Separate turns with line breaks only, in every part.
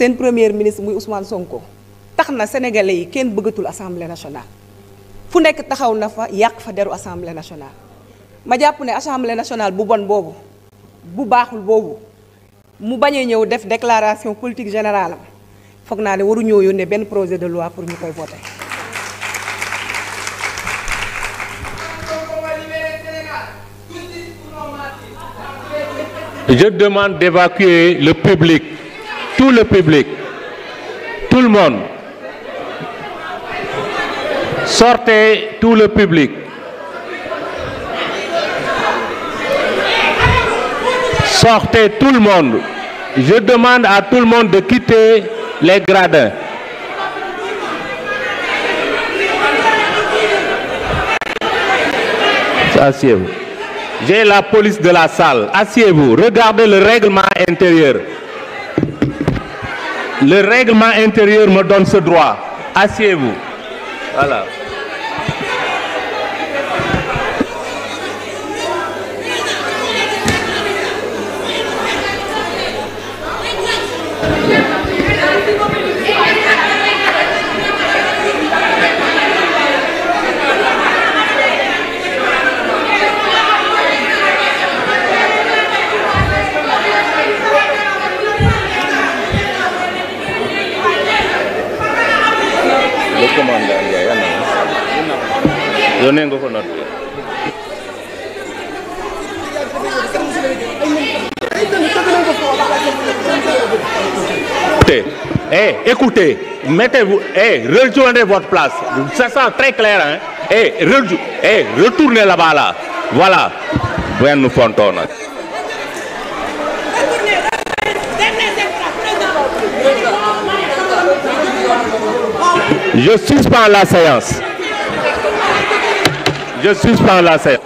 seen premier ministre muy Ousmane Sonko tax na sénégalais yi kenn bëggatul assemblée nationale fu nekk taxaw na fa yàq fa deru assemblée nationale ma jàpp ne assemblée nationale bu bon boobu bu baaxul boobu mu bañee ñëw def déclaration politique générale am foog naa ne waru waruñoo yónnee benn projet de loi pour ñu koy voté. Je demande d'évacuer tout le public, le monde. Sortez tout le le monde. Je demande à tout le monde de quitter les gradins. Asseyez-vous. J'ai la police de la salle. Asseyez-vous. Regardez le règlement intérieur. Le règlement intérieur me donne ce droit. Asseyez-vous. Voilà. yónnee eh, mettez-vous eh retournez votre place ça sent très clair hein eh reju eh retournez là voilà Je suspends la séance. Je suspends la séance.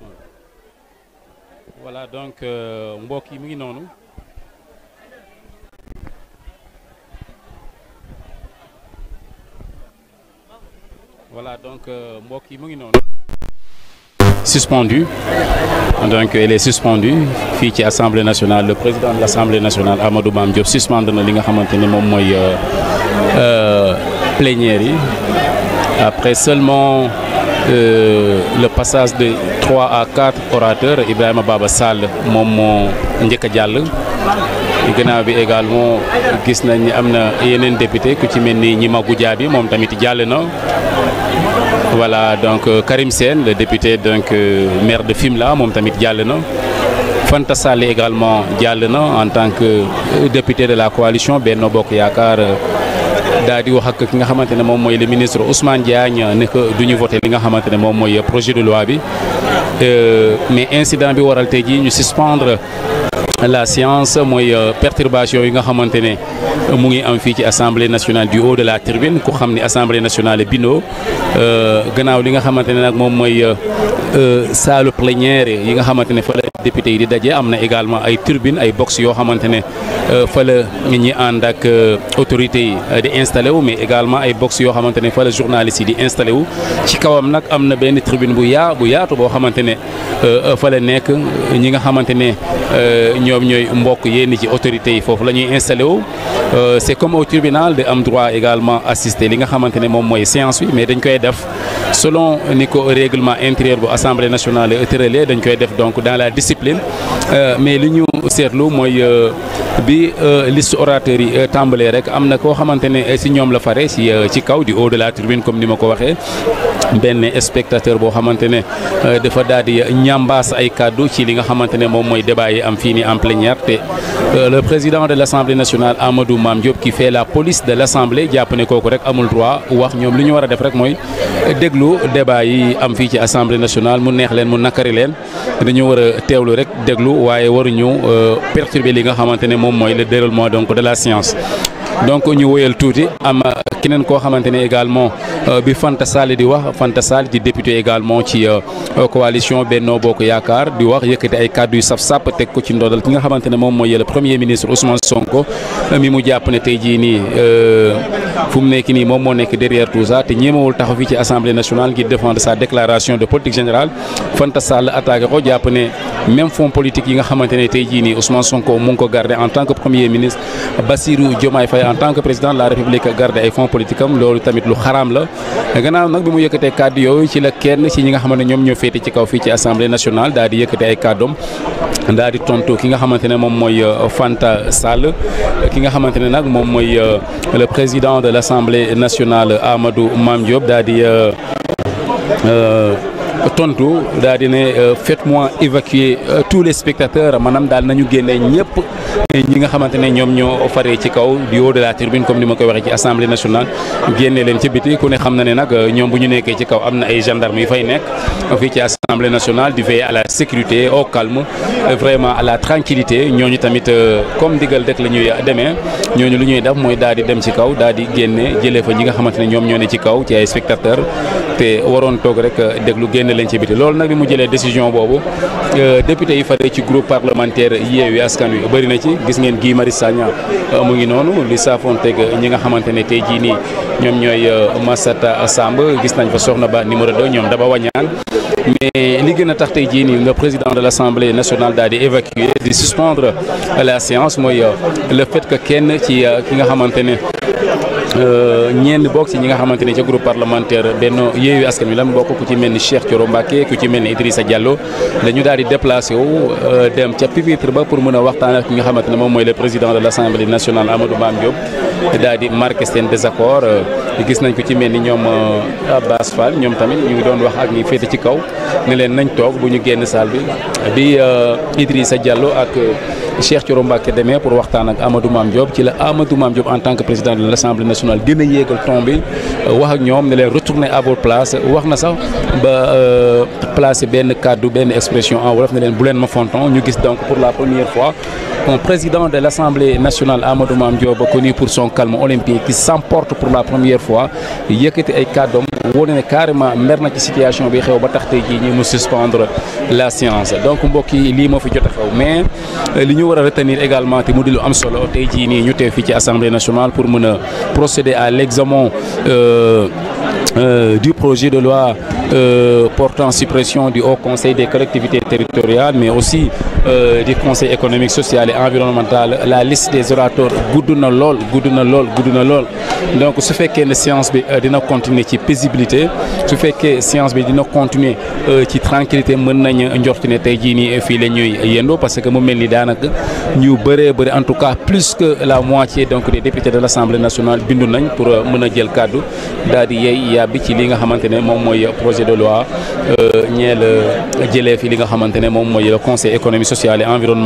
rasul donc euh, mbokk yi mu ngi noonu voilà donc euh, mbokk yi mu ngi noonu suspendu donc elle est suspendue fii ci assemblée nationale le président de l' assemblée nationale Amadou Mame Diop suspendre li nga xamante ne moom mooy euh, plénière yi après seulement Euh, le passage de trois à quatre orateurs Ibrahima Baba Sall moom moo njëkk a jàll gannaaw bi également gis nañ ni am na yeneen député ku ci mel ni ñi magu bi moom tamit jàll na wala donc euh, Karim Sène député donc euh, maire de Fimela moom tamit jàll na Fanta Sall également jàll na en tant que député de la coalition Benno Bokk Yaakaar daal di wax ak ki nga xamante ne moom mooy le ministre Ousmane Diagne ne que du ñu voté li nga xamante ne moom mooy projet de loi bi euh, mais incident bi waral tey jii ñu suspendre la séance mooy euh, perturbation yi nga xamante ne. mu ngi am fii ci assemblée nationale du haut de la tribune ku xam ni assemblée nationale bindoo euh, gannaaw li nga xamante ne nag moom mooy euh, salle plénière yi nga xamante ne fa la député yi di daje am na également ay tribune ay box yoo xamante ne euh, fa la ñi ànd ak autorité yi di installé wu mais également ay box yoo xamante ne fa la journaliste yi di installé wu ci kawam nag am na benn tribune bu yaa bu yaatu boo xamante ne fa la nekk ñi nga xamante ne ñoom ñooy mbokk yenn ci autorité yi foofu la ñuy installé wu Euh, c'est comme au tribunal de am droit également assister li nga xamante ne moom mooy séance bi mais dañ koy def selon ni ko réglement intérieur bu assemblée nationale tëralee dañ koy def donc dans la discipline euh, mais li ñu seetlu mooy euh, bi liste orateur yi tàmbalee rek am na koo xamante ne si ñoom la fare si ci kaw di haut de la tribune comme ni ma ko waxee benn spectateur boo xamante ne euh, dafa daal di ñambaas ay kàddu ci li nga xamante ne moom mooy débat yi am fii ni en plénière te euh, le président de l' assemblée nationale Amadou Mame Diop qui fait la police de l' assemblée jàpp ne kooku rek amul droit wax ñoom li ñu war a def rek mooy déglu débat yi am fii ci assemblée nationale mu neex leen mu nakari leen dañu war a teewlu rek déglu waaye waruñu euh, perturber li nga xamante ne moom mooy le déroulement donc de la séance donc ñu keneen koo xamante ne également euh, bi Fanta Sall di wax Fanta Sall di député également ci euh, euh, coalition Benno Bokk Yaakaar di wax yëkkati ay kàddu yu saf-sàpp teg ko ci ndodal ki nga xamante moom mooy le premier ministre Ousmane Sonko mi mu jàpp ne tey jii nii fu mu nekk nii moom moo nekk derrière tout ça te ñeemewul taxaw fii ci assemblée nationale ngir défendre sa déclaration de politique générale Fanta Sall attaqué ko jàpp ne même fonds politique politique am loolu tamit lu xaraam la gannaaw nag bi mu yëkkatee kàddu yooyu ci la kenn ci ñi nga xamante ne ñoom ñoo féete ci kaw fii ci assemblée nationale daal di yëkkatee ay kàddoom daal di tontu ki nga xamante ne moom mooy euh, Fanta Sall ki nga xamante ne nag moom mooy euh, le président de l' assemblée nationale Amadou Mame Diop daal di. Euh, tontu daal di ne euh, faites-moi évacuer euh, tous les spectateurs maanaam daal nañu génne ñëpp ñi nga xamante ne ñoom ñoo faree ci kaw di haut de la tribune comme ni ma koy waxee ci assemblée nationale génne leen ci biti ku ne xam na ne nag euh, ñoom bu ñu nekkee ci kaw am na ay gendarmes yu fay nekk fii ci assemblée nationale di veiller à la sécurité au calme. Euh, vraiment à la tranquillité ñooñu tamit euh, comme digal rek la ñuy demee ñooñu lu ñuy def mooy daal di dem ci kaw daal di génne jëlee fa ñi nga xamante ne ñoom ñoo ne ci kaw ci ay spectateur te waroon toog rek euh, déglu génne leen ci biti loolu nag bi mu jëlee décision boobu député yi faree ci groupe parlementaire Yewwi Askan Wi bëri na ci gis ngeen Guy Marius Sagna mu ngi noonu li saafoonteeg ñi nga xamante ne tey jii nii ñoom ñooy Massata Samb gis nañ fa soxna ba numéro 2 ñoom daba wañaan mais li gën a tax tey jii nii nga président de l' assemblée nationale daal di évacuer di suspendre la séance mooy euh, le fait que kenn ci euh, ki nga xamante ne euh, ñenn bokk ci ñi nga xamante ne ca groupe parlementaire Benno Yewwi Askan Wi bokk ku ci mel ni Cheikh Thioro Mbacké ku ci mel ni Idrissa Diallo dañu daal di déplacé wu dem ca pupitre ba pour mën a waxtaan ak ki nga xamante ne moom mooy le président de l' assemblée nationale Amadou Mame Diop daal di marqué seen désaccord euh, gis nañ ko ci mel ni ñoom euh, Abbas Fall ñoom tamit ñu ngi doon wax ak ñi féete ci kaw ne leen nañ toog bu ñu génn saal bi di euh, sa Diallo ak. Cheikh Thioro Mbacké demee pour waxtaan ak Amadou Mame Diop ci la Amadou Mame Diop en tant que président de l'Assemblée nationale gën a yéegal ton euh, wax ñoom ne leen retourner à votre place wax na sax ba euh, placer benn kàddu benn expression en wolof ne leen bu leen ma fonton ñu gis donc pour la première fois un président de l'Assemblée nationale Amadou Mame Diop connu pour son calme olympique qui s'emporte pour la première fois yëkkati ay kàddoom wone ne carrément mer na situation bi xew ba tax tey jii ñu mu suspendre la séance donc mbokk yi lii moo fi ñu war a retenir également te mu di lu am solo tey jii nii ñu te fii ci assemblée nationale pour mën a procéder à l'examen euh, euh, du projet de loi euh, portant suppression du haut conseil des collectivités territoriales mais aussi Euh, du conseil économique social et environnemental la liste des orateurs gudd na lool gudd na lool gudd na lool donc su fekkee ne séance bi euh, dina continuer ci paisibilité su fekkee séance bi dina continuer euh, ci tranquillité mën nañ njort ne tey jii nii fii la ñuy yendoo parce que mu mel nii daanaka ñu bëree bëri en tout cas plus que la moitié donc des députés de l'Assemblée nationale bindu nañ pour mën a jël kàddu daal di yey yàbbi ci li nga xamante ne moom mooy projet de loi ñeel euh, jëlee fi li nga xamante ne moom mooy le conseil économique social et